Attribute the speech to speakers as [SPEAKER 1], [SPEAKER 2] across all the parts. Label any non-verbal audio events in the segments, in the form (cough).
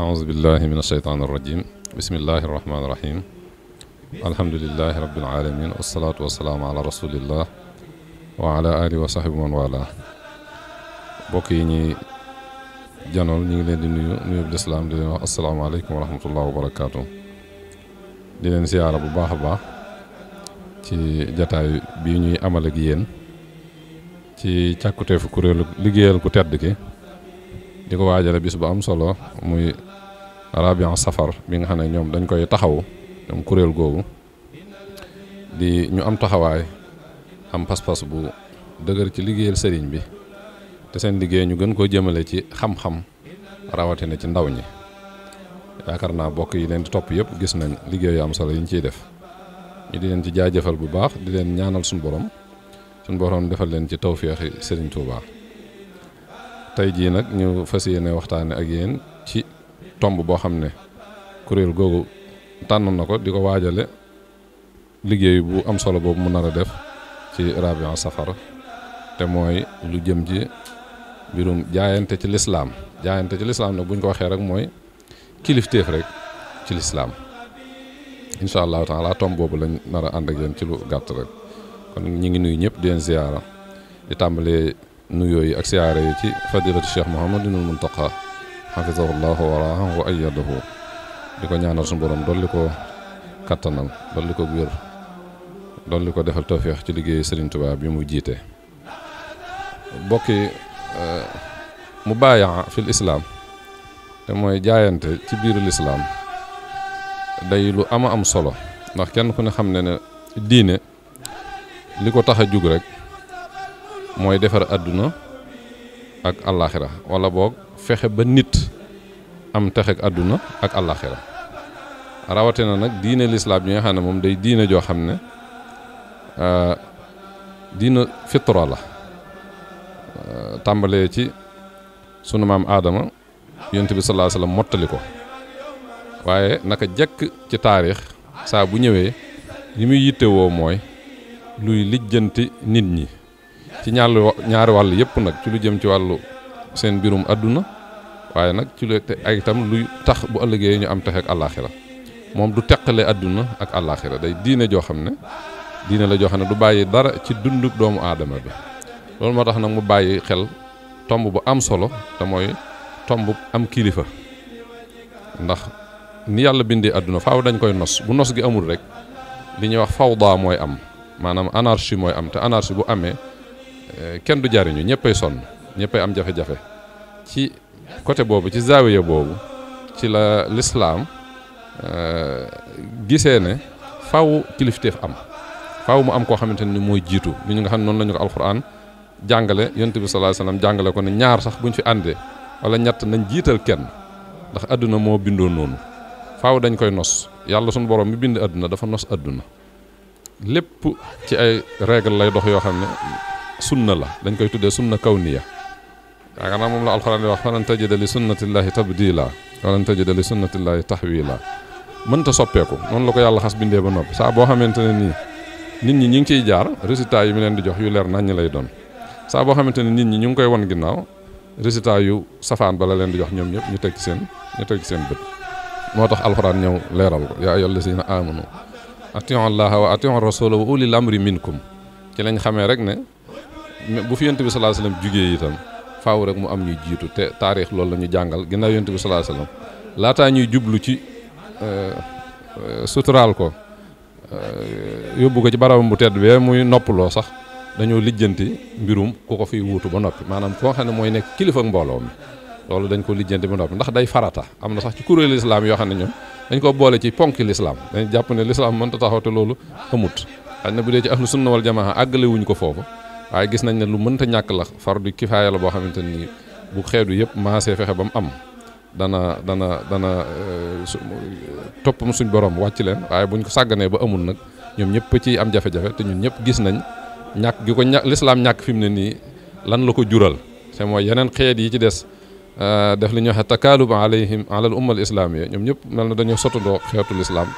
[SPEAKER 1] aousubillahi min asheytaan irrajim bismillahi irrahmani irrahim alhamdulilahi rabilalamin wasalatu wasalaamu ala rasulillah wa ala alihi wa sahbi man wala bokk yi ñuy janool ñu ngi leen di nuyu nuyu bi lislaam di leen wax asalaamaaleykum wa rahmatullah wa barakaatu di leen siyaara bu baax a baax ci jataay bi ñuy amal ak yéen ci càkkuteefu kuréelu liggéeyal ku tedd ki di ko waajale bis bu am solo muy rabian safar bi nga xam ne ñoom dañ koy taxawu ñoom kuréel googu di ñu am taxawaay am pas-pas bu dëgër ci liggéeyal sëriñ bi te seen liggéey ñu gën koo jëmale ci xam-xam rawatina ci ndaw ñi yaakaar naa bokk yi leen di topp yëpp gis nañ liggéey yu am solo yi ñu ciy def ñu di leen ci jaajëfal bu baax di leen ñaanal suñu borom suñu borom defal leen ci tawféexi sëriñ Touba. tey jii nag ñu fas yéene waxtaane ak yéen ci tomb boo xam ne kuréel googu tànn na ko di ko waajale liggéey bu am solo boobu mu nar def ci Rabiul Safar te mooy lu jëm ji mbirum jaayante ci lislaam jaayante ci lislaam nag bu ko waxee rek mooy kilifteef rek ci lislaam incha allahu taala tomb boobu lañ nar ànd ak yéen ci lu gàtt rek kon ñu ngi nuyu ñëpp di leen ziyaara di tàmbalee nuyoo yi ak siyaare yi ci fadilatu cheikh Mouhamadinul Muntaqa xafisahullahu waraahu wa ayyadahu di ko ñaanal suñu borom dolli ko kattanal dolli ko wér dolli ko defal tawféex ci liggéey Serigne tubaab bi mu jiite bokki euh, mu baayaa fil islaam te mooy jaayante ci biiru lislaam day lu ama am solo ndax kenn ku ne xam ne ne diine li ko tax a jug rek mooy defar àdduna ak àllaaxira wala boog fexe ba nit am texek àdduna ak àllaaxira rawatina nag diine lislaam yi nga xam ne moom day diine joo xam ne euh, diina fitra la euh, tàmbalee ci sunu maam aadama yonent bi sallallahu alayhi mottali ko waaye naka jekk ci taarix saa bu ñëwee li muy yittewoo mooy luy lijjanti nit ñi ci ñaar ñaari wàll yëpp nag ci lu jëm ci wàllu seen mbirum àdduna waaye nag ci lu ay itam luy tax bu ëllëgee ñu am tax ak àllaaxira moom du teqale àdduna ak àllaaxira day diine joo xam ne diine la joo xam ne du bàyyi dara ci dundu doomu aadama bi loolu moo tax nag mu bàyyi xel tomb bu am solo te mooy tomb am kilifa ndax ni yàlla bindee àdduna faaw dañ koy nos bu nos gi amul rek li ñuy wax faw fawda mooy am maanaam anarchie mooy am te anarchie bu amee Euh, kenn du jariñu ñëppay sonn ñëppay am jafe-jafe ci côté boobu ci zaawiya boobu ci la lislaam euh, gisee ne faw kilifteef am faw mu am koo xamante ni mooy jiitu ni ñu nga xam ne noonu lañu ñu ko alxuraan jàngale yonent bi sallallahu alayhi jàngale ko ne ñaar sax buñ fi àndee wala ñett nañ jiital kenn ndax àdduna moo bindoo noonu faaw dañ koy nos yàlla suñu borom mi bind àdduna dafa nos àdduna lépp ci ay règle lay dox yoo xam ne sunna la dañ koy tuddee sunna kawniya yaakaar naa moom la alxuraan di wax falan tajida li sunnatillahi tabdila walan tajida li sunnatillahi tahwila mënta soppeeku noonu la ko yàlla xas bindee ba noppi saa boo xamante ne nii nit ñi ñi ngi ciy jaar résultat yi mu leen di jox yu leer nañ lay doon saa boo xamante ne nit ñi ñu ngi koy won ginnaaw résultat yu safaan ba la leen di jox ñoom ñëpp ñu teg seen ñu teg ci seen bët moo tax alxuraan ñëw leeral ko yaa ayyuhal lazina amanu atiu allaha wa atiu rasula wa ulil amri minkum ci lañ xamee rek ne bu fi yonent bi sallallahu alayhi wasallam jugee itam faaw rek mu am ñuy jiitu te taarix loolu la ñu jàngal ginnaaw yonent bi sallallahu alayhi wasallam laataa ñuy jublu ci euh, euh, suturaal ko euh, yóbbu ko ci barabam bu tedd bee muy noppaloo sax dañoo lijjanti mbirum ku ko fiy wuutu ba noppi maanaam foo xam ne mooy nekk kilifa ak mbooloo loolu dañ ko lijjanti ba noppi ndax day farata am na sax ci kuréelu lislaam yoo xam ne ñoom dañ ko boole ci ponki lislaam dañ jàpp ne lislaam mënta taxaw te loolu amut xëy na bu dee ci ahlu sunna wal jamaa àggale ko foofu waaye gis nañ ne lu mënta ñàkk la fardu kifaaya la boo xamante nii bu xeetu yëpp maasee fexe ba mu am dana dana dana euh, toppam suñ borom wàcc leen waaye buñ ko sàgganee ba amul nag ñoom ñëpp ciy am jafe-jafe te ñu ñëpp gis nañ ñàkk gi ko ña lislaam ñàkk fi mu ne nii lan la ko jural te mooy yeneen xeet yi ci des euh, def li ñuy waxe takaalub alayhim alal ummal islaamiyya ñoom ñëpp mel na dañoo sottandoo xeetu lislaam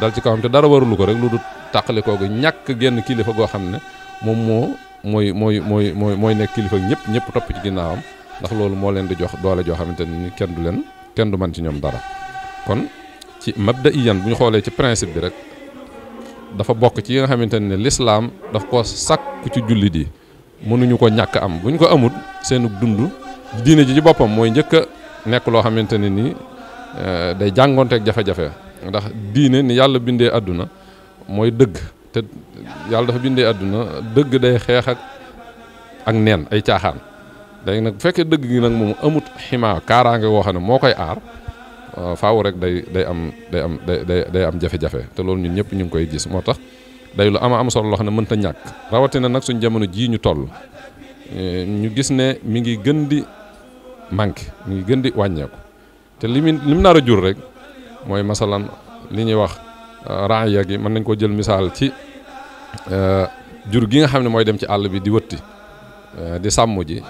[SPEAKER 1] dal ci kawam te dara warulu ko rek lu du tàqalikoo gi ñàkk génn kilifa goo xam ne moom moo mooy mooy mooy mooy mooy nekk kilifa ñëpp ñëpp topp ci ginnaawam ndax loolu moo leen di jox doole joo xamante ni kenn du leen kenn du man ci ñoom dara kon ci mabda iyan bu ñu xoolee ci principe bi rek dafa bokk ci yi nga xamante ne lislaam daf ko sàkku ci jullit yi mënuñu ko ñàkk am bu ñu ko amul seenu dund diine ji ci boppam mooy njëkk a nekk loo xamante ne ni eh, day jàngoonteeg jafe-jafe ndax diine ni yàlla bindee àdduna mooy dëgg yàlla dafa bindee àdduna dëgg day xeex ak ak neen ay caaxaan léegi nag bu fekkee dëgg gi nag moom amut ximaa kaaraange woo xam ne moo koy aar euh, faaw rek day day am day am day day am jafe-jafe te loolu ñun ñëpp ñu ngi koy gis moo tax day lu ama am solo loo xam ne mënta ñàkk rawatina nag suñ jamono jii ñu toll euh, ñu gis ne mi ngi gën di manqué mu ngi gën di wàññeeku te li mu a jur rek mooy masalan li ñuy wax. raaya gi mën nañ koo jël misaal ci euh, jur gi nga xam ne mooy dem ci àll bi di wëtti euh, di sàmm ji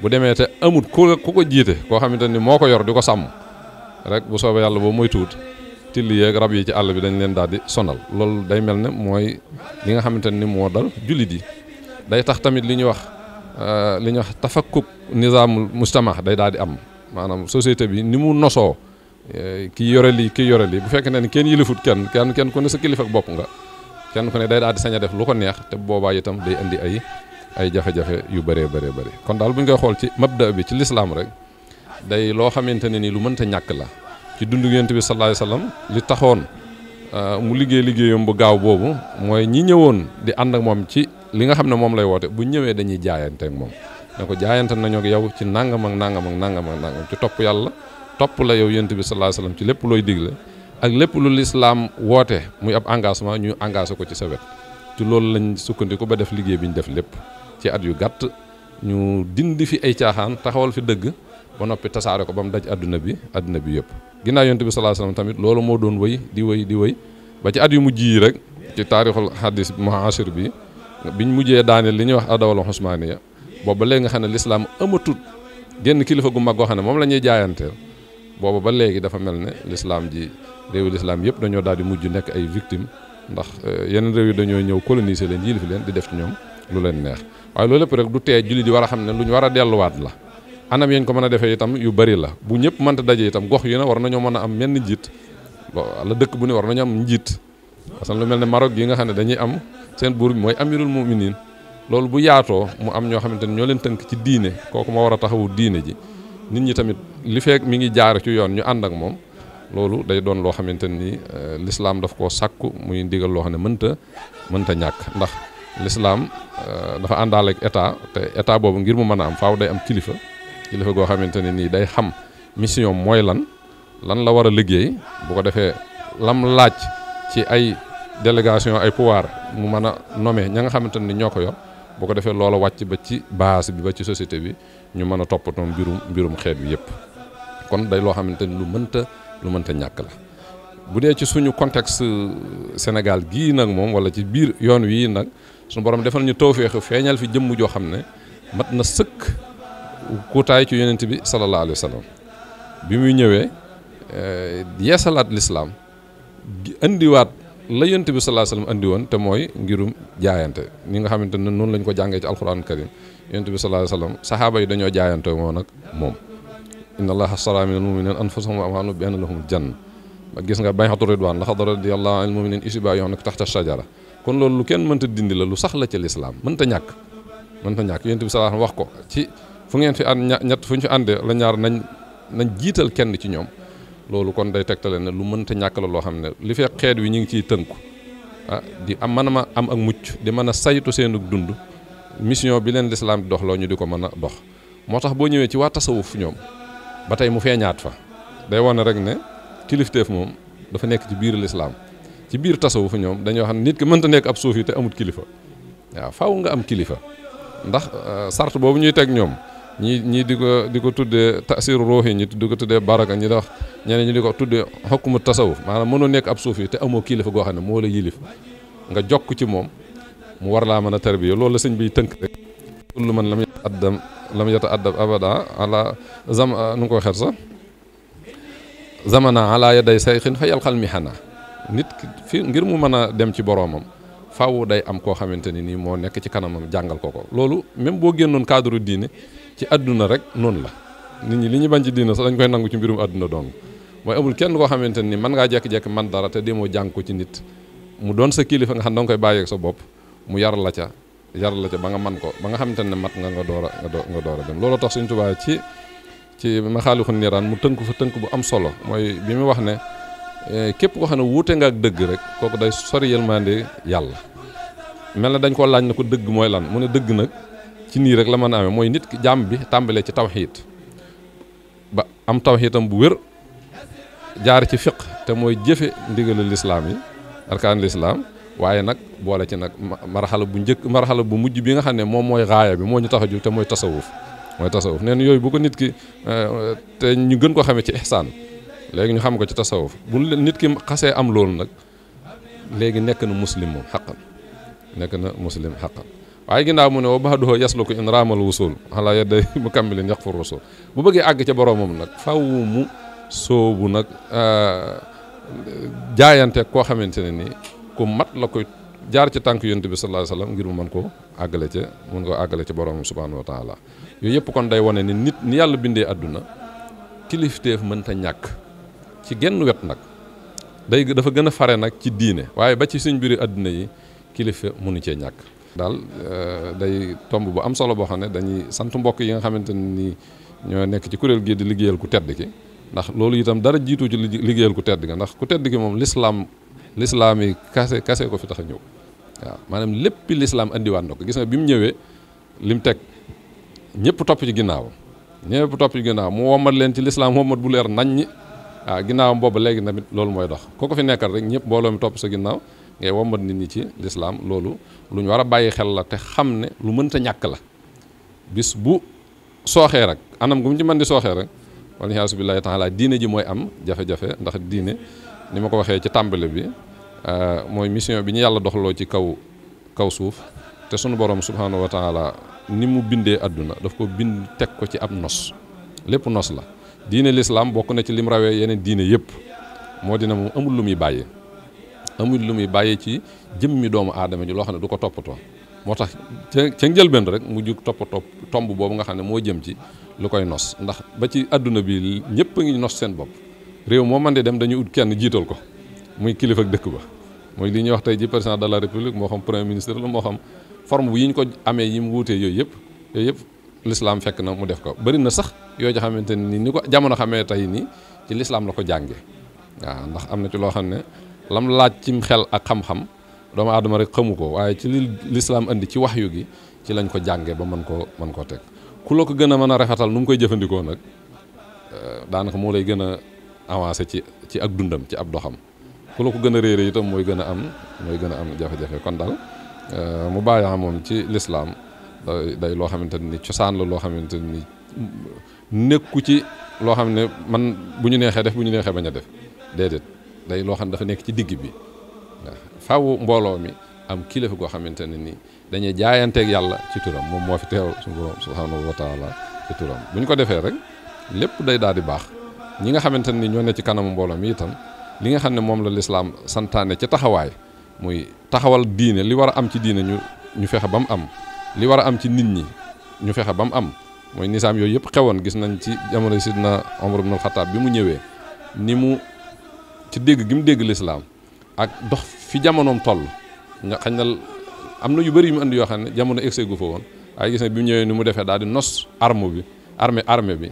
[SPEAKER 1] bu demee te amut ku ku ko jiite koo xamante ni moo ko yor di ko sàmm rek bu soobee yàlla boo moytuwut till yeeg rab yi ci àll bi dañ leen daal di sonal loolu day mel ne mooy li nga xamante ni moo dal jullit yi day tax tamit li ñuy wax euh, li ñu wax tafakkuk nizaamul mustama day daal di am maanaam société bi ni mu nosoo Eh, kii yore lii kii yore lii bu fekkee ne kenn yilifut kenn kenn kenn ku ne sa kilifa ak bopp nga kenn ku ne day daal di sañ a def lu ko neex te boobaa itam day indi ay ay jafe-jafe yu bëree bëree bëri kon daal bu ñu koy xool ci mabda bi ci lislaam rek day loo xamante ne ni lu mënta ñàkk la ci dundu Yonent bi sallallahu alayhi wasallam li taxoon eh, mu liggéey liggéeyam bu gaaw boobu mooy ñi ñëwoon di ànd ak moom ci li nga xam ne moom lay woote bu ñëwee dañuy jaayante ak moom ne ko jaayante nañoo ak yow ci nangam ak nangam ak nangam nangam ci topp yàlla topp la yow yonent bi sallallahu alayhi ci lépp looy digle ak lépp lu lislaam woote muy ab engagement ñu engagé ko ci sa wet ci loolu lañ sukkandiku ba def liggéey bi ñu def lépp ci at yu gàtt ñu dindi fi ay caaxaan taxawal fi dëgg ba noppi tasaare ko ba mu daj àdduna bi àdduna bi yëpp ginnaaw yonent bi sallallahu alayhi tamit loolu moo doon wëy di wëy di wëy ba ci at yu mujj yi rek ci taarixul hadis muasir bi ñu mujjee daaneel li ñuy wax adawal Usmaaniya boobu ba léegi xam ne lislaam ëmmatut génn kilifa gu mag goo xam ne moom la ñuy jaayanteel booba ba léegi dafa mel ne lislaam ji réewu lislaam yëpp dañoo daal di mujj nekk ay victime ndax euh, yeneen réew yi dañoo ñëw coloniser leen yilif leen di def ñoom lu leen neex waaye loolu lépp rek du tee jullit yi war a xam ne lu ñu war a delluwaat la anam yañ ko mën a defee itam yu bari la bu ñëpp mënta daje itam gox yi ne war nañoo mën a am menn njiit wala dëkk bu ne war nañu am njiit parce lu mel ne Maroc yi nga xam ne dañuy am seen buur bi mooy amirul muminin loolu bu yaatoo mu am ñoo xamante ne ñoo leen tënk ci diine kooku ma war a taxawu diine ji nit ñi tamit li feek mi ngi jaar ci yoon ñu ànd ak moom loolu day doon loo xamante ni euh, lislaam daf koo sàkku muy ndigal loo xam ne mënta mënta ñàkk ndax lislaam euh, dafa àndaale ak état te état boobu ngir mu mën a am faaw day am kilifa kilifa goo xamante ne nii day xam mission mooy lan lan la war a liggéey bu ko defee lam laaj ci ay délégation ay pouvoir mu mën a nommer ña nga xamante ni ñoo ko yo boo ko defee loola wàcc ba ci base bi ba ci société bi ñu mën a toppatoo mbirum mbirum xeet bi yëpp kon day loo xamante ni lu mënta lu mënta ñàkk la bu dee ci suñu contexte euh, Sénégal gii nag moom wala ci biir yoon wii nag su borom defal ñu tawféex feeñal fi jëmm joo xam ne mat na sëkk kuutaay ci yonent bi sallallahu alayhi wa sallam bi muy ñëwee euh, yeesalaat lislaam indiwaat la yonent bi sallallahu alayhi wa sallam woon te mooy ngirum jaayante ñi nga xamante ne noonu lañ ko jàngee ci alxuraan karim yonent bi sallallahu alayhi wa saxaaba yi dañoo jaayante moo nag moom inna allaha ashtara minal muminina anfusahum wa amwalahum bi anna lahumul janna ba gis nga bay'atu ridwan laqad radiyallahu anil muminina iz yubaayi'unaka tahta shajara kon loolu lu kenn mënta dindi la lu sax la ci lislaam mënta ñàkk mënta ñàkk yonent bi sallallahu alayhi wasallam wax ko ci fu ngeen fi ànd ñett fu ñu fi la ñaar nañ nañ jiital kenn ci ñoom loolu kon day tegtale ne lu mënta ñàkk la loo xam ne li fee xeet wi ñu ngi ciy tënku ah di am mën a ma am ak mucc di mën a saytu seen dund mission bi leen lislaam di dox loo ñu di ko mën a dox moo tax boo ñëwee ci waa tasawuf ñoom ba tey mu feeñaat fa day wane rek ne kilifteef moom dafa nekk ci biir lislaam ci biir tasawuf ñoom dañoo xam ne nit ki mënta nekk ab suufi te amut kilifa waaw faaw nga am kilifa ndax euh, sart boobu ñuy teg ñoom ñii ñii di ko di ko tuddee tasiru ruuxi ñi di ko tuddee baraka ñi di ñeneen ñi di ko tuddee xokkumu tasawuf maanaam mënoo nekk ab yi te amoo kilifa goo xam ne moo la yilif nga jokk ci moom mu war laa mën a tarbiya loolu la sëñ biy tënk rek kullu man lam yataddam lam yata addab abada ala zam ah, nu ko xer sax zamana ala yaday sayxin fa yalxal mihana nit fi ngir mu mën a dem ci boroomam faaw day am koo xamante ni nii moo nekk ci kanamam jàngal ko ko loolu même boo génnoon cadre diine ci àdduna rek noonu la nit ñi li ñu bañ ci diine sax dañ koy nangu ci mbirum àdduna dong mooy amul kenn koo xamante ni mën ngaa jekk-jekk man dara te demoo jàng ko ci nit mu doon sa kilifa nga xam danga koy bàyyeeg sa bopp mu yar la ca yar la ca ba nga man ko ba nga xamante ne mat nga nga door a nga door dem looloo tax Sëriñ Tuubaa ci ci ma maxaalixu niiraan mu tënk fa tënk bu am solo mooy bi mu wax ne e, képp wax xam ne wuute nga ak dëgg rek kooku day sori yërmande yàlla mel na dañ koo laaj na ko dëgg mooy lan mu ne dëgg nag ci nii rek la mën a amee mooy nit ki jàmm bi tàmbalee ci tawxiit ba am tawxiitam bu wér jaar ci fiq te mooy jëfe ndigalul lislaam yi arkaan lislaam waaye nag boole ci nag marxala bu njëkk marxala bu mujj bi nga xam ne moom mooy raaya bi moo ñu tax a jóg te mooy tasawuf mooy tasawuf neen yooyu bu ko nit ki eh, te ñu gën ko xamee ci ihsaan léegi ñu xam ko ci tasawuf bu nit ki xasee am loolu nag léegi nekk na muslim moom xaqan nekk na muslim xaqan waaye ginnaaw mu ne wa baaduhoo yaslu ko in raamal wusul xalaa yedday mu kammilin yaq fur rasul bu bëggee àgg ca boroomam nag faw mu bu nag eh, jaayante koo xamante ne nii ku mat la ko jaar ci tànk yonent bi sallallahu alayhi wasallam ngir mu mën koo àggale ca mën koo àggale ca borom subhanahu wa taala yooyu yëpp kon day wone ni nit ni yàlla bindee àdduna kilifteef mënta ñàkk ci genn wet nag day dafa gën a fare nag ci diine waaye ba ci suñ biir àdduna yi kilifa mënu cee ñàkk. daal euh, day tomb bu am solo boo xam ne dañuy sant mbokk yi nga xamante nii ñoo nekk ci kuréel gii di liggéeyal ku tedd ki ndax loolu itam dara jiitu ci liggéeyal ku tedd ki ndax ku lislaam yi kase kase ko fi tax a ñëw waaw maanaam lépp lislaam indiwaat na ko gis nga bi mu ñëwee li mu teg ñëpp topp ci ginnaaw ñëpp topp ci ginnaaw mu wommat leen ci lislaam wommat bu leer nañ ñi waaw ginnaawam boobu léegi tamit loolu mooy dox koo ko fi nekkal rek ñëpp mbooloo mi topp sa ginnaaw ngay wommat nit ñi ci lislaam loolu lu ñu war a bàyyi xel la te xam ne lu mënta ñàkk la bis bu sooxee rek anam gu mu ci mën di sooxee rek wala yaasu billaahi taala diine ji mooy am jafe ndax diine ni ma ko waxee ci tàmbali bi euh, mooy mission bi ñu yàlla doxaloo ci kaw kaw suuf te sunu borom subhaanahu wa ni mu bindee àdduna daf ko bind teg ko ci ab nos lépp nos la diine lislaam bokk na ci lim rawee yeneen diine yëpp moo dina moom amul lu muy bàyyee amul lu muy bàyyee ci jëmmi doomu aadama ji loo xam ne du ko toppatoo moo tax ca ca njëlbeen rek mu jug toppatoo tomb boobu nga xam ne moo jëm ci lu koy nos ndax ba ci àdduna bi ñëpp ngi nos seen bopp réew moo mën di dem dañu ut kenn jiital ko muy kilifa dëkk ba mooy li ñuy wax tey ji président de la république moo xam premier ministre la moo xam forme bu yi ñu ko amee yi mu wuutee yooyu yëpp yooyu yëpp lislaam fekk na mu def ko bëri na sax yoo xamante ni ni ko jamono xamee tey nii ci lislaam la ko jànge waaw ndax am na ci loo xam ne lam laaj cim xel ak xam-xam doomu aadama rek xamu ko waaye ci li lislaam indi ci wax yu gi ci lañ ko jànge ba mën koo mën koo teg ku la ko gën a mën a rafetal nu mu koy jëfandikoo nag euh, daanaka moo lay gën a avancé ci ci ak dundam ci ab doxam ku la ko gën a réer itam mooy gën a am mooy gën a am jafe-jafe kon daal euh, mu bàyyaa moom ci lislaam day loo xamante ni cosaan la loo xamante ni nekku ci loo xam ne man bu ñu neexee def bu ñu neexee bañ a def déedéet day loo xam ne dafa nekk ci digg bi faw mbooloo mi am kilifa goo xamante ne ni dañuy jaayanteeg yàlla ci turam moom moo fi teew suñu borom subhanahu wa ci turam bu ñu ko defee rek lépp day daal di baax ñi nga xamante ni ñoo ne ci kanamu mbooloo mi itam li nga xam ne moom la lislaam santaane ci taxawaay mooy taxawal diine li war a am ci diine ñu fexe ba mu am li war a am ci nit ñi ñu fexe ba mu am mooy nisaam yooyu yëpp xewoon gis nañ ci jamono sidna Omar na Xataab bi mu ñëwee ni mu ci dégg gi mu dégg lislaam ak dox fi jamonoom toll nga xañ na am na yu bëri yu mu indi yoo xam ne jamono egg gu fa woon waaye gis na bi mu ñëwee ni mu defee daal di nos arme bi armée armée bi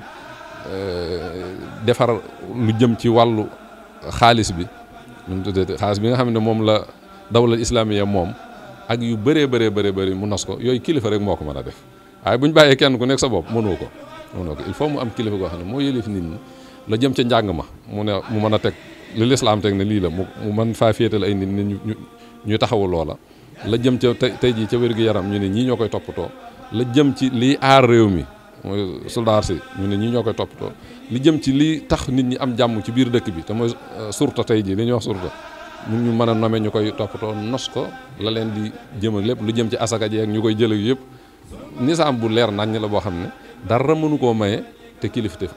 [SPEAKER 1] Euh, defar lu jëm ci wàllu xaalis bi ñu tuddee xaalis bi nga xam ne moom la islaam islamiya moom ak yu bëree bare bëree bëri mu nas ko yooyu kilifa rek moo ko mën a def waaye bu ñu bàyyee kenn ku nekk sa bopp mënoo ko mënoo ko il faut mu am kilifa goo xam ne moo yëlif nit ñi la jëm ca njàng ma mu ne mu mën a teg li lislaam teg na lii la mu man faa féetal ay nit ñi ñu ñu taxawu loola la jëm ca tey jii ca wér-gu-yaram ñu ne ñii ñoo koy toppatoo la jëm ci liy aar réew mi mooy soldaar si ñu ne ñi ñoo koy toppatoo li jëm ci lii tax nit ñi am jàmm ci biir dëkk bi te mooy euh, surta tey jii li ñuy wax surta ñun ñu mën a nome ñu koy toppatoo nos ko la leen di jëmal lépp lu jëm ci asaka ji ak ñu koy jëlee yëpp am bu leer nañ la boo xam ne dara mënu koo maye te kilifteef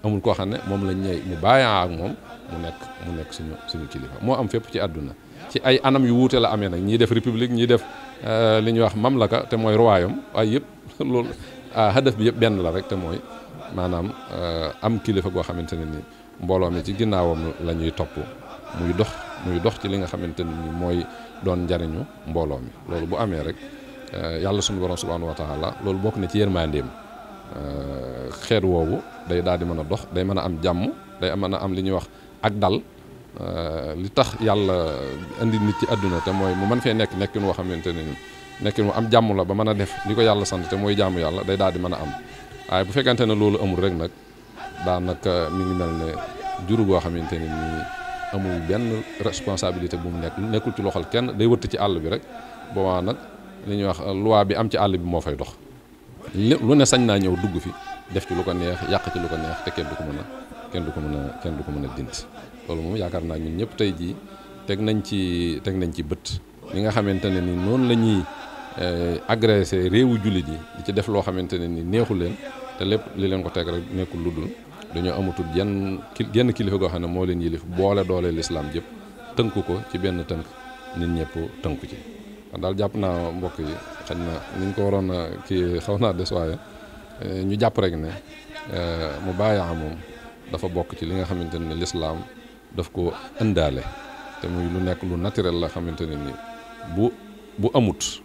[SPEAKER 1] amut koo xam ne moom lañ ñëw ñu bàyyaa ak moom mu nekk mu nekk suñu kilifa moo am fépp ci àdduna ci ay anam yu wuute la amee nag ñiy def république ñiy def euh, li ñuy wax mamlaka te mooy royaume yëpp (laughs) loolu Ah, hadaf bi yëpp benn la rek te mooy maanaam eh, am kilifa goo xamante ne ni mbooloo mi ci ginnaawam la ñuy topp muy dox muy dox ci li nga xamante ne ni mooy doon njariñu mbooloo mi loolu bu amee rek eh, yàlla suñu borom subhaanahu wa taala loolu bokk na ci yërmandeem eh, xeet woowu day daal di mën a dox day mën a am jàmm day mën a am li ñuy wax ak dal li tax yàlla indi nit ci àdduna te mooy mu mën fee nekk nekkin woo xamante ne nekkin mu am jàmm la ba mën a def li ko yàlla sant te mooy jaamu yàlla day daal di mën a am waaye bu fekkente ne loolu amul rek nag daanaka mi ngi mel ne jur goo xamante ne nii benn responsabilité bu mu nekk nekkul ci loxol kenn day wëtt ci àll bi rek boobaa nag li ñuy wax loi bi am ci àll bi moo fay dox lu ne sañ naa ñëw dugg fi def ci lu ko neex yàq ci lu ko neex te kenn du du ko mën a kenn du ko mën a dindi loolu moom yaakaar naa ñun ñëpp tey jii teg nañ ci teg nañ ci bët li nga xamante ne ni noonu la ñuy Euh, agressé réewu jullit yi di ci def loo xamante ne ni neexu leen te lépp li leen ko teg rek nekkul lu dul dañoo amatul jenn genn kilifa goo xam ne moo leen yilif boole doole lislaam jëpp tënk ko ci benn tënk nit ñëpp tënku ci kon daal jàpp naa mbokk yi xañ na ni ñu ko waroon a kii xaw euh, ñu jàpp rek ne euh, mu bàyyaa moom dafa bokk ci li nga xamante ni lislaam daf ko ëndaale te muy lu nekk lu naturel la xamante ne ni bu bu amut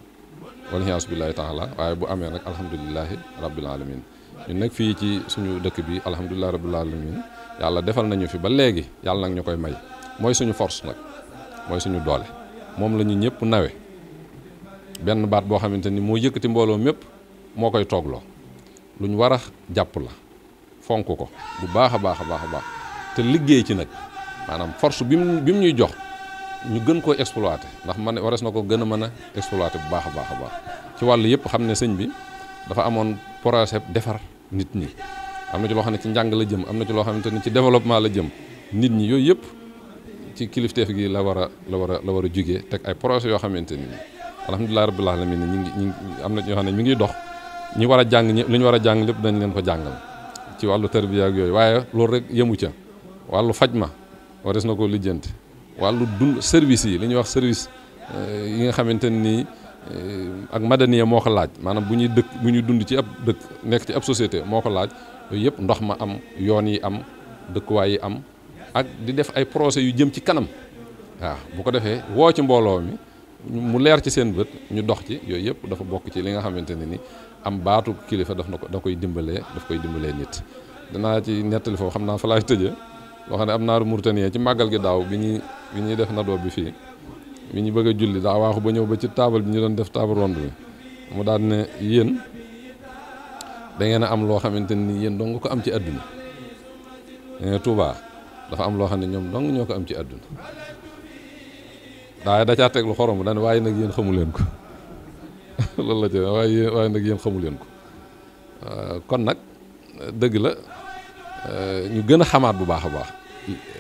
[SPEAKER 1] walhiyaas billahi taala waaye bu amee nag alhamdulilahi rabbil alamin ñu nag fii ci suñu dëkk bi alhamdulilahi rabbil alamin yàlla defal nañu fi ba léegi yàlla nag ñu koy may mooy suñu force nag mooy suñu doole moom la ñu ñëpp nawe benn baat boo xamante ni moo yëkkati mbooloo mépp moo koy toogloo lu ñu war a jàpp la fonk ko bu baax a baax a baax a baax te liggéey ci nag maanaam force bi bi mu ñuy jox ñu gën koo exploité ndax man warees na ko gën a mën a exploité bu baax a baax a baax ci wàll yëpp xam ne sëñ bi dafa amoon projet defar nit ñi am na ci loo xam ne ci njàng la jëm am na ci loo xamante ne ci développement la jëm nit ñi yooyu yëpp ci kilifteef gi la war a la war a la war a jugee teg ay projet yoo xamante ni alhamdulilah rabbil alamin ñu ni ñu ngi am na ñoo ne ñu ngi dox ñu war a jàng ñi li ñu war a jàng lépp dañ leen ko jàngal ci wàllu tarbiya ak yooyu waaye loolu rek yemu ca wàllu faj ma warees na koo lijjanti wàllu dund service yi li ñuy wax service euh, yi nga xamante ni euh, ak madaniya moo ko laaj maanaam bu ñuy dëkk bu ñuy dund ci ab dëkk nekk ci ab société moo ko laaj yooyu yëpp ndox ma am yoon yi am dëkkuwaay yi am ak di def ay projets yu jëm ci kanam waaw bu ko defee woo ci mbooloo mi mu leer ci seen bët ñu dox ci yooyu yëpp dafa bokk ci li nga xamante ne ni am baatu kilifa daf na ko da koy dimbalee daf koy dimbalee nit danaa ci nettali foofu xam naa fa laay tëje loo xam ne ab naaru Mauritanie ci màggal gi daaw bi ñuy bi ñuy def nadoo bi fii bi ñu bëgg a julli daa waaxu ba ñëw ba ci taabal bi ñu doon def taabal ronde bi mu daan ne yéen dangeen am loo xamante ni yéen dong ko am ci àdduna Touba dafa am loo xam ne ñoom dong ñoo ko am ci àdduna daa da teg lu xorom daan waaye nag yéen xamu leen ko (laughs) loolu ci waaye waaye nag yéen xamu leen ko kon nag dëgg la. Euh, ñu gën a xamaat bu baax a baax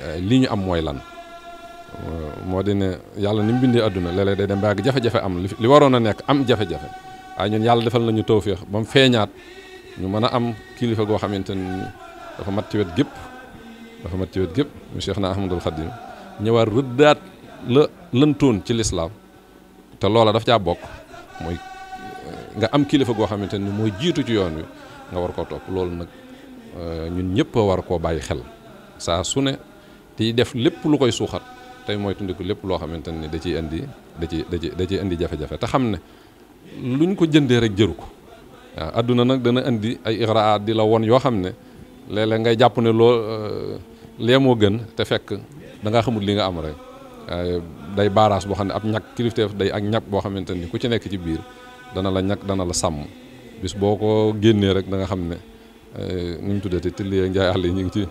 [SPEAKER 1] euh, lii ñu am mooy lan euh, moo di ne yàlla ni mu bindee àdduna léeg day dem ba ak jafe-jafe am li waroon a nekk am jafe-jafe waaye ñun yàlla defal nañu tawféex ba mu feeñaat ñu mën a am kilifa goo xamante ni dafa mat ci gépp dafa mat ci wet gépp mu Cheikh na Ahmadul Xadim ñëwaat rëddaat la lëntoon ci lislaam te loola daf caa bokk mooy nga am kilifa goo xamante ni mooy jiitu ci yoon wi nga war koo topp loolu nag Euh, ñun ñëpp war koo bàyyi xel saa su ne di def lépp lu koy suuxat tey mooy tundiku lépp loo xamante ne da ciy indi daci ciy da da ciy indi jafe-jafe te xam ne luñ ko jëndee rek jëru ko waaw adduna nag dana indi ay ixraat di la won yoo xam ne léeg ngay jàpp ne loo euh, lee moo gën te fekk da ngaa xamul li nga am rek day baaraas boo xam ne ab ñag kilifteef day ak ñàkk boo xamante ni ku ci nekk ci biir dana la ñàkk dana la sàmm bis boo ko génnee rek da nga xam ne Eh, nu mu tuddati tilli yeeg njaay àll yi ñu ngi ci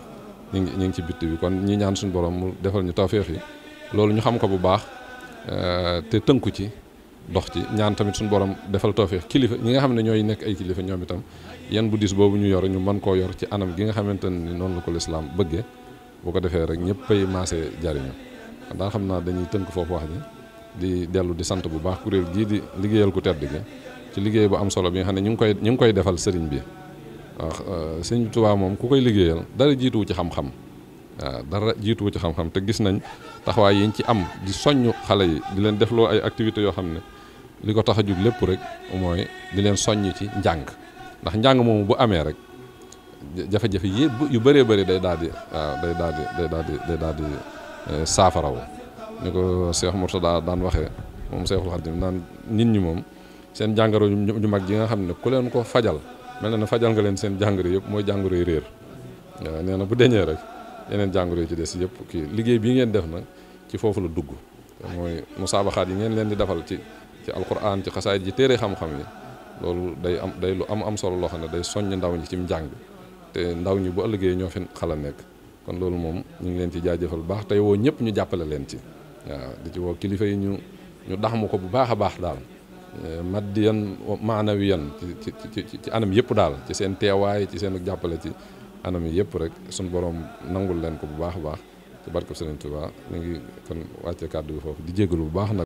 [SPEAKER 1] ñu ngi ñu ngi ci bitt bi kon ñi ñaan suñu borom mu defal ñu tawféex yi loolu ñu xam ko bu baax eh, te tënku ci dox ci ñaan tamit suñu borom defal tawféex kilifa ñi nga xam ne ñooy nekk ay kilifa ñoom itam yan bu diis boobu ñu yor ñu mën koo yor ci anam gi nga xamante ni noonu la ko lislaam bëggee boo ko defee rek ñëpp ay maase jariñu daa xam naa dañuy tënk foofu wax ji di dellu di sant bu baax kuréel gii di liggéeyal ku tedd gi ci liggéey bu am solo bi nga xam ne ñu ngi koy ñu ngi koy defal sëriñ bi waaw euh, sëñ Tuubaa moom ku koy liggéeyal dara jiituwu ci xam-xam waaw dara jiituwu ci xam-xam te gis nañ taxawaay yiñ ci am di soññ xale yi di leen defloo ay activités yoo xam ne li ko tax a jug lépp rek mooy di leen soññ ci njàng ndax njàng moomu bu amee rek jafe-jafe yu bëree bëri day daal di waaw day daal di day daal di day daal di euh, saafaraw ni ko Cheikh Mourtada daan waxe moom Cheikhul Khadim daan nit ñi moom seen jàngaroo ñu mag ji nga xam ne ku leen ko fajal mel na ne fajal nga leen seen jàngoro yëpp mooy jàngoro yu réer waaw nee na bu deñee rek yeneen jàngoro yi ci des yëpp kii liggéey bii ngeen def nag ci foofu la dugg mooy musaabaxaat yi ngeen leen di defal ci ci alquran ci xasaayit ji téere xam-xam yi loolu day am day lu am am solo loo xam ne day soññ ndaw ñi ci mu njàng te ndaw ñi bu ëllëgee ñoo fi a nekk kon loolu moom ñu ngi leen ci jaajëfal bu baax tey woo ñëpp ñu jàppale leen ci waaw di ci woo kilifa yi ñu ñu dax mu ko bu baax a baax daal maddiyan yan ci ci ci ci anam yëpp daal ci seen teewaay ci seen jàppale ci anam yi yëpp rek suñu borom nangul leen ko bu baax a baax ci barkeb Sëriñ Tuubaa ñu ngi kon wàcce kàddu bi foofu di jégalu bu baax nag.